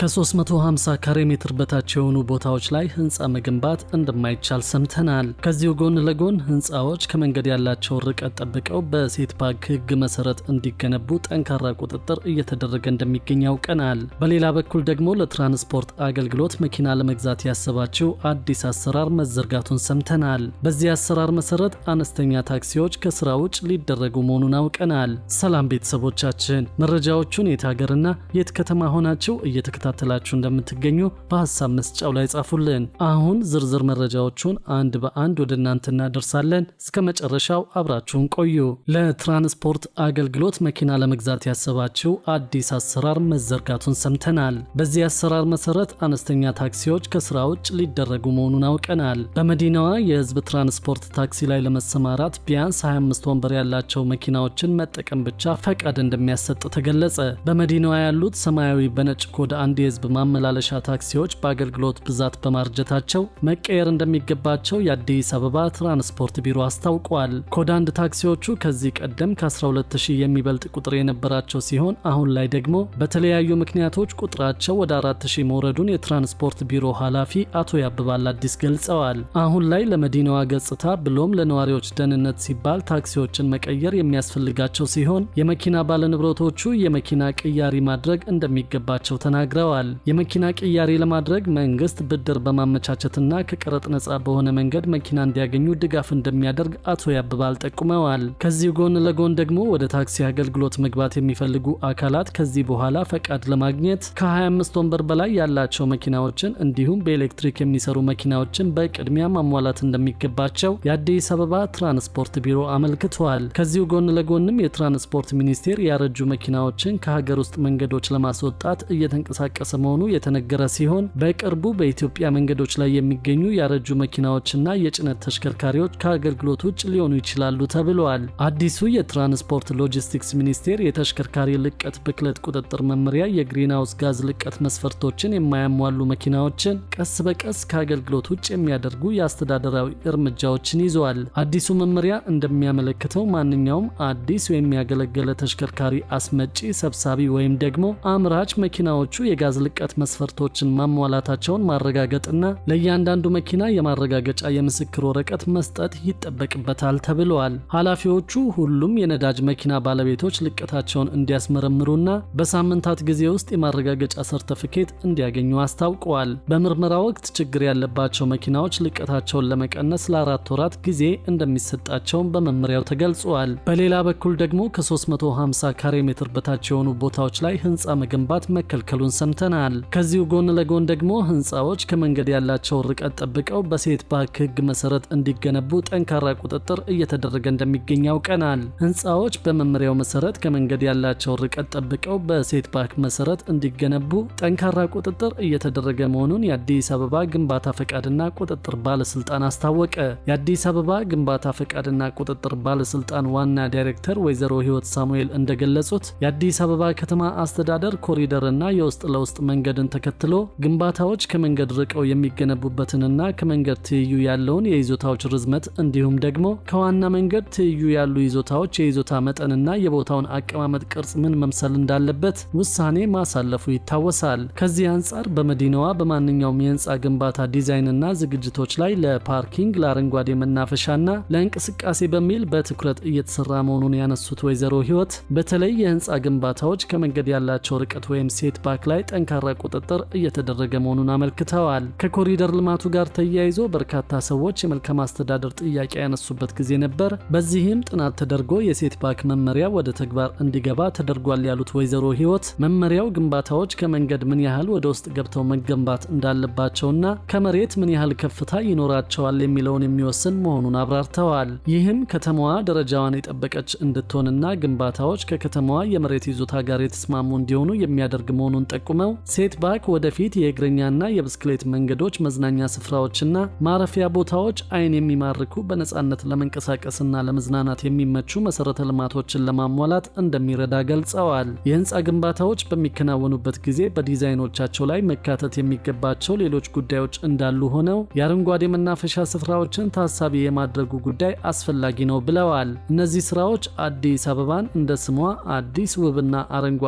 ከ350 ካሬ ሜትር በታች የሆኑ ቦታዎች ላይ ህንፃ መገንባት እንደማይቻል ሰምተናል። ከዚሁ ጎን ለጎን ህንፃዎች ከመንገድ ያላቸው ርቀት ጠብቀው በሴት ፓርክ ህግ መሰረት እንዲገነቡ ጠንካራ ቁጥጥር እየተደረገ እንደሚገኝ ያውቀናል። በሌላ በኩል ደግሞ ለትራንስፖርት አገልግሎት መኪና ለመግዛት ያሰባችው አዲስ አሰራር መዘርጋቱን ሰምተናል። በዚህ አሰራር መሰረት አነስተኛ ታክሲዎች ከስራ ውጭ ሊደረጉ መሆኑን አውቀናል። ሰላም ቤተሰቦቻችን፣ መረጃዎቹን የት ሀገርና የት ከተማ ሆናችሁ እየተከታ እየተከታተላችሁ እንደምትገኙ በሀሳብ መስጫው ላይ ጻፉልን። አሁን ዝርዝር መረጃዎቹን አንድ በአንድ ወደ እናንተ እናደርሳለን። እስከ መጨረሻው አብራችሁን ቆዩ። ለትራንስፖርት አገልግሎት መኪና ለመግዛት ያሰባችው አዲስ አሰራር መዘርጋቱን ሰምተናል። በዚህ አሰራር መሰረት አነስተኛ ታክሲዎች ከስራ ውጭ ሊደረጉ መሆኑን አውቀናል። በመዲናዋ የህዝብ ትራንስፖርት ታክሲ ላይ ለመሰማራት ቢያንስ 25 ወንበር ያላቸው መኪናዎችን መጠቀም ብቻ ፈቃድ እንደሚያሰጥ ተገለጸ። በመዲናዋ ያሉት ሰማያዊ በነጭ ኮድ አንድ አንዳንድ የህዝብ ማመላለሻ ታክሲዎች በአገልግሎት ብዛት በማርጀታቸው መቀየር እንደሚገባቸው የአዲስ አበባ ትራንስፖርት ቢሮ አስታውቋል። ኮዳንድ ታክሲዎቹ ከዚህ ቀደም ከ12000 የሚበልጥ ቁጥር የነበራቸው ሲሆን አሁን ላይ ደግሞ በተለያዩ ምክንያቶች ቁጥራቸው ወደ 4000 መውረዱን የትራንስፖርት ቢሮ ኃላፊ አቶ ያብባል አዲስ ገልጸዋል። አሁን ላይ ለመዲናዋ ገጽታ ብሎም ለነዋሪዎች ደህንነት ሲባል ታክሲዎችን መቀየር የሚያስፈልጋቸው ሲሆን የመኪና ባለንብረቶቹ የመኪና ቅያሪ ማድረግ እንደሚገባቸው ተናግረዋል። ብለዋል። የመኪና ቅያሪ ለማድረግ መንግስት ብድር በማመቻቸትና ከቀረጥ ነጻ በሆነ መንገድ መኪና እንዲያገኙ ድጋፍ እንደሚያደርግ አቶ ያብባል ጠቁመዋል። ከዚህ ጎን ለጎን ደግሞ ወደ ታክሲ አገልግሎት መግባት የሚፈልጉ አካላት ከዚህ በኋላ ፈቃድ ለማግኘት ከ25 ወንበር በላይ ያላቸው መኪናዎችን እንዲሁም በኤሌክትሪክ የሚሰሩ መኪናዎችን በቅድሚያ ማሟላት እንደሚገባቸው የአዲስ አበባ ትራንስፖርት ቢሮ አመልክቷል። ከዚሁ ጎን ለጎንም የትራንስፖርት ሚኒስቴር ያረጁ መኪናዎችን ከሀገር ውስጥ መንገዶች ለማስወጣት እየተንቀሳቀ የተጠቀሰ መሆኑ የተነገረ ሲሆን በቅርቡ በኢትዮጵያ መንገዶች ላይ የሚገኙ ያረጁ መኪናዎችና የጭነት ተሽከርካሪዎች ከአገልግሎት ውጭ ሊሆኑ ይችላሉ ተብለዋል። አዲሱ የትራንስፖርት ሎጂስቲክስ ሚኒስቴር የተሽከርካሪ ልቀት ብክለት ቁጥጥር መመሪያ የግሪንሃውስ ጋዝ ልቀት መስፈርቶችን የማያሟሉ መኪናዎችን ቀስ በቀስ ከአገልግሎት ውጭ የሚያደርጉ የአስተዳደራዊ እርምጃዎችን ይዘዋል። አዲሱ መመሪያ እንደሚያመለክተው ማንኛውም አዲስ ወይም ያገለገለ ተሽከርካሪ አስመጪ፣ ሰብሳቢ ወይም ደግሞ አምራች መኪናዎቹ የጋ የጋዝ ልቀት መስፈርቶችን ማሟላታቸውን ማረጋገጥና ለእያንዳንዱ መኪና የማረጋገጫ የምስክር ወረቀት መስጠት ይጠበቅበታል ተብለዋል። ኃላፊዎቹ ሁሉም የነዳጅ መኪና ባለቤቶች ልቀታቸውን እንዲያስመረምሩና በሳምንታት ጊዜ ውስጥ የማረጋገጫ ሰርተፍኬት እንዲያገኙ አስታውቀዋል። በምርመራ ወቅት ችግር ያለባቸው መኪናዎች ልቀታቸውን ለመቀነስ ለአራት ወራት ጊዜ እንደሚሰጣቸውም በመመሪያው ተገልጿል። በሌላ በኩል ደግሞ ከ350 ካሬ ሜትር በታች የሆኑ ቦታዎች ላይ ህንፃ መገንባት መከልከሉን ሰምተናል። ሰምተናል። ከዚሁ ጎን ለጎን ደግሞ ህንፃዎች ከመንገድ ያላቸው ርቀት ጠብቀው በሴት ፓርክ ህግ መሰረት እንዲገነቡ ጠንካራ ቁጥጥር እየተደረገ እንደሚገኝ ያውቀናል። ህንፃዎች በመመሪያው መሰረት ከመንገድ ያላቸው ርቀት ጠብቀው በሴት ፓርክ መሰረት እንዲገነቡ ጠንካራ ቁጥጥር እየተደረገ መሆኑን የአዲስ አበባ ግንባታ ፈቃድና ቁጥጥር ባለስልጣን አስታወቀ። የአዲስ አበባ ግንባታ ፈቃድና ቁጥጥር ባለስልጣን ዋና ዳይሬክተር ወይዘሮ ህይወት ሳሙኤል እንደገለጹት የአዲስ አበባ ከተማ አስተዳደር ኮሪደርና የውስጥ ለውስጥ ውስጥ መንገድን ተከትሎ ግንባታዎች ከመንገድ ርቀው የሚገነቡበትንና ከመንገድ ትይዩ ያለውን የይዞታዎች ርዝመት እንዲሁም ደግሞ ከዋና መንገድ ትይዩ ያሉ ይዞታዎች የይዞታ መጠንና የቦታውን አቀማመጥ ቅርጽ ምን መምሰል እንዳለበት ውሳኔ ማሳለፉ ይታወሳል። ከዚህ አንጻር በመዲናዋ በማንኛውም የህንፃ ግንባታ ዲዛይንና ዝግጅቶች ላይ ለፓርኪንግ፣ ለአረንጓዴ መናፈሻና ለእንቅስቃሴ በሚል በትኩረት እየተሰራ መሆኑን ያነሱት ወይዘሮ ህይወት በተለይ የህንፃ ግንባታዎች ከመንገድ ያላቸው ርቀት ወይም ሴት ባክ ላይ ጠንካራ ቁጥጥር እየተደረገ መሆኑን አመልክተዋል። ከኮሪደር ልማቱ ጋር ተያይዞ በርካታ ሰዎች የመልካም አስተዳደር ጥያቄ ያነሱበት ጊዜ ነበር። በዚህም ጥናት ተደርጎ የሴት ባንክ መመሪያ ወደ ተግባር እንዲገባ ተደርጓል ያሉት ወይዘሮ ህይወት መመሪያው ግንባታዎች ከመንገድ ምን ያህል ወደ ውስጥ ገብተው መገንባት እንዳለባቸውና ከመሬት ምን ያህል ከፍታ ይኖራቸዋል የሚለውን የሚወስን መሆኑን አብራርተዋል። ይህም ከተማዋ ደረጃዋን የጠበቀች እንድትሆንና ግንባታዎች ከከተማዋ የመሬት ይዞታ ጋር የተስማሙ እንዲሆኑ የሚያደርግ መሆኑን ጠቁመዋል። የሚጠቁመው ሴት ባክ ወደፊት የእግረኛና የብስክሌት መንገዶች፣ መዝናኛ ስፍራዎችና ማረፊያ ቦታዎች አይን የሚማርኩ በነፃነት ለመንቀሳቀስና ለመዝናናት የሚመቹ መሰረተ ልማቶችን ለማሟላት እንደሚረዳ ገልጸዋል። የህንፃ ግንባታዎች በሚከናወኑበት ጊዜ በዲዛይኖቻቸው ላይ መካተት የሚገባቸው ሌሎች ጉዳዮች እንዳሉ ሆነው የአረንጓዴ መናፈሻ ስፍራዎችን ታሳቢ የማድረጉ ጉዳይ አስፈላጊ ነው ብለዋል። እነዚህ ስራዎች አዲስ አበባን እንደ ስሟ አዲስ ውብና አረንጓዴ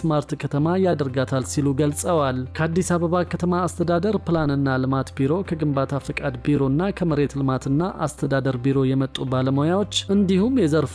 ስማርት ከተማ ያደርጋታል ሲሉ ገልጸዋል። ከአዲስ አበባ ከተማ አስተዳደር ፕላንና ልማት ቢሮ፣ ከግንባታ ፍቃድ ቢሮና ከመሬት ልማትና አስተዳደር ቢሮ የመጡ ባለሙያዎች እንዲሁም የዘርፉ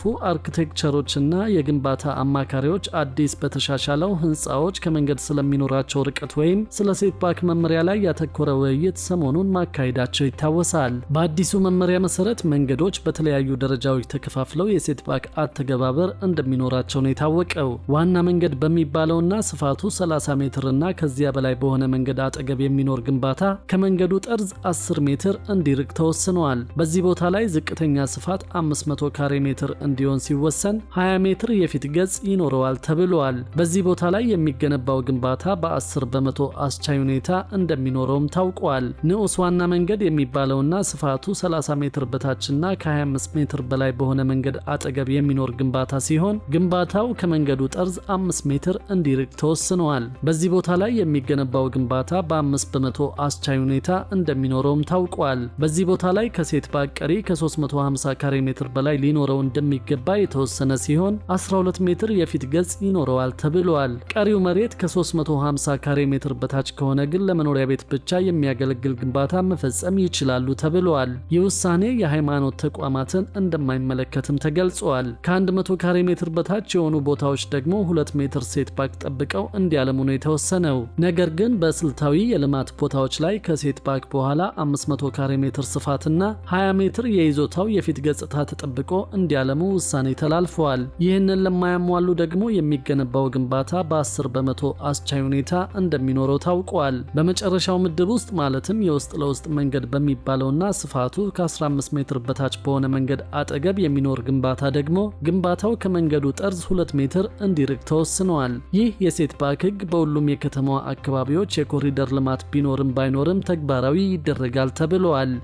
ና የግንባታ አማካሪዎች አዲስ በተሻሻለው ህንፃዎች ከመንገድ ስለሚኖራቸው ርቀት ወይም ስለ ሴት ባክ መመሪያ ላይ ያተኮረ ውይይት ሰሞኑን ማካሄዳቸው ይታወሳል። በአዲሱ መመሪያ መሰረት መንገዶች በተለያዩ ደረጃዎች ተከፋፍለው የሴት ባክ አተገባበር እንደሚኖራቸው ነው የታወቀው። ዋና መንገድ በሚባለውና ስፋቱ 30 ሜትርና ከዚያ በላይ በሆነ መንገድ አጠገብ የሚኖር ግንባታ ከመንገዱ ጠርዝ 10 ሜትር እንዲርቅ ተወስነዋል። በዚህ ቦታ ላይ ዝቅተኛ ስፋት 500 ካሬ ሜትር እንዲሆን ሲወሰን 20 ሜትር የፊት ገጽ ይኖረዋል ተብሏል። በዚህ ቦታ ላይ የሚገነባው ግንባታ በ10 በመቶ አስቻይ ሁኔታ እንደሚኖረውም ታውቋል። ንዑስ ዋና መንገድ የሚባለውና ስፋቱ 30 ሜትር በታችና ከ25 ሜትር በላይ በሆነ መንገድ አጠገብ የሚኖር ግንባታ ሲሆን ግንባታው ከመንገዱ ጠርዝ 5 ሜትር እንዲርቅ ተወስነዋል። በዚህ ቦታ ላይ የሚገነባው ግንባታ በአምስት በመቶ አስቻይ ሁኔታ እንደሚኖረውም ታውቋል። በዚህ ቦታ ላይ ከሴት ባቀሪ ከ350 ካሬ ሜትር በላይ ሊኖረው እንደሚገባ የተወሰነ ሲሆን 12 ሜትር የፊት ገጽ ይኖረዋል ተብሏል። ቀሪው መሬት ከ350 ካሬ ሜትር በታች ከሆነ ግን ለመኖሪያ ቤት ብቻ የሚያገለግል ግንባታ መፈጸም ይችላሉ ተብሏል። ይህ ውሳኔ የሃይማኖት ተቋማትን እንደማይመለከትም ተገልጿል። ከ100 ካሬ ሜትር በታች የሆኑ ቦታዎች ደግሞ 2 ሜትር ሴት ባክ ጠብቀው እንዲያለም ሁኔታ የተወሰነው። ነገር ግን በስልታዊ የልማት ቦታዎች ላይ ከሴት ባክ በኋላ 500 ካሬ ሜትር ስፋትና 20 ሜትር የይዞታው የፊት ገጽታ ተጠብቆ እንዲያለሙ ውሳኔ ተላልፈዋል። ይህንን ለማያሟሉ ደግሞ የሚገነባው ግንባታ በ10 በመቶ አስቻይ ሁኔታ እንደሚኖረው ታውቋል። በመጨረሻው ምድብ ውስጥ ማለትም የውስጥ ለውስጥ መንገድ በሚባለውና ስፋቱ ከ15 ሜትር በታች በሆነ መንገድ አጠገብ የሚኖር ግንባታ ደግሞ ግንባታው ከመንገዱ ጠርዝ 2 ሜትር እንዲርቅ ተወስነዋል። ይህ የሴት ባክ ህግ በሁሉ በሁሉም የከተማዋ አካባቢዎች የኮሪደር ልማት ቢኖርም ባይኖርም ተግባራዊ ይደረጋል ተብለዋል።